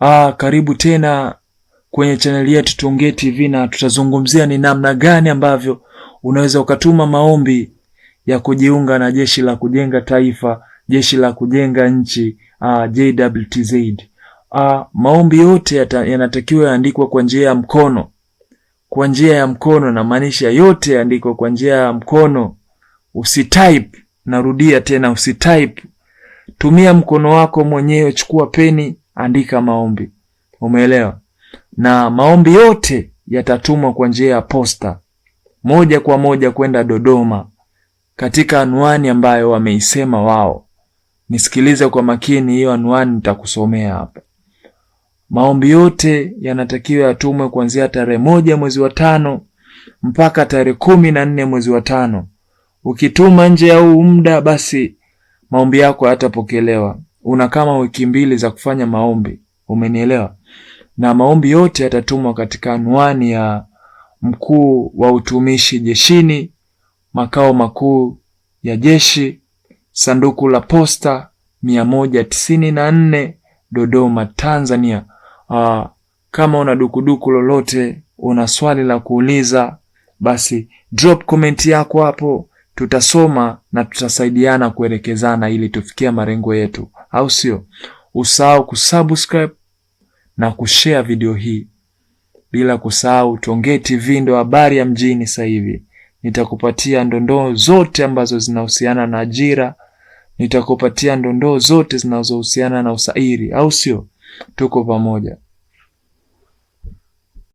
Aa, ah, karibu tena kwenye chaneli yetu Tuongee TV na tutazungumzia ni namna gani ambavyo unaweza ukatuma maombi ya kujiunga na jeshi la kujenga taifa, jeshi la kujenga nchi aa, ah, JWTZ. Aa, ah, maombi yote yanatakiwa yaandikwe kwa njia ya mkono, kwa njia ya mkono, na maanisha yote yaandikwe kwa njia ya mkono. Usitype, narudia tena, usitype. Tumia mkono wako mwenyewe, chukua peni andika maombi. Umeelewa? Na maombi yote yatatumwa kwa njia ya posta moja kwa moja kwenda Dodoma katika anwani ambayo wameisema wao. Nisikilize kwa makini, hiyo anwani nitakusomea hapa. Maombi yote yanatakiwa yatumwe kuanzia tarehe moja mwezi wa tano mpaka tarehe kumi na nne mwezi wa tano. Ukituma nje ya huu muda, basi maombi yako yatapokelewa una kama wiki mbili za kufanya maombi, umenielewa? Na maombi yote yatatumwa katika anwani ya mkuu wa utumishi jeshini, makao makuu ya jeshi, sanduku la posta mia moja tisini na nne Dodoma, Tanzania. Aa, ah, kama una dukuduku lolote, una swali la kuuliza, basi drop comment yako hapo tutasoma na tutasaidiana kuelekezana ili tufikia malengo yetu, au sio? Usahau kusubscribe na kushare video hii, bila kusahau Tuongee TV ndo habari ya mjini. Sasa hivi nitakupatia ndondoo zote ambazo zinahusiana na ajira, nitakupatia ndondoo zote zinazohusiana na usairi, au sio? Tuko pamoja.